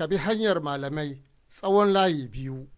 ka bi hanyar malamai tsawon layi biyu.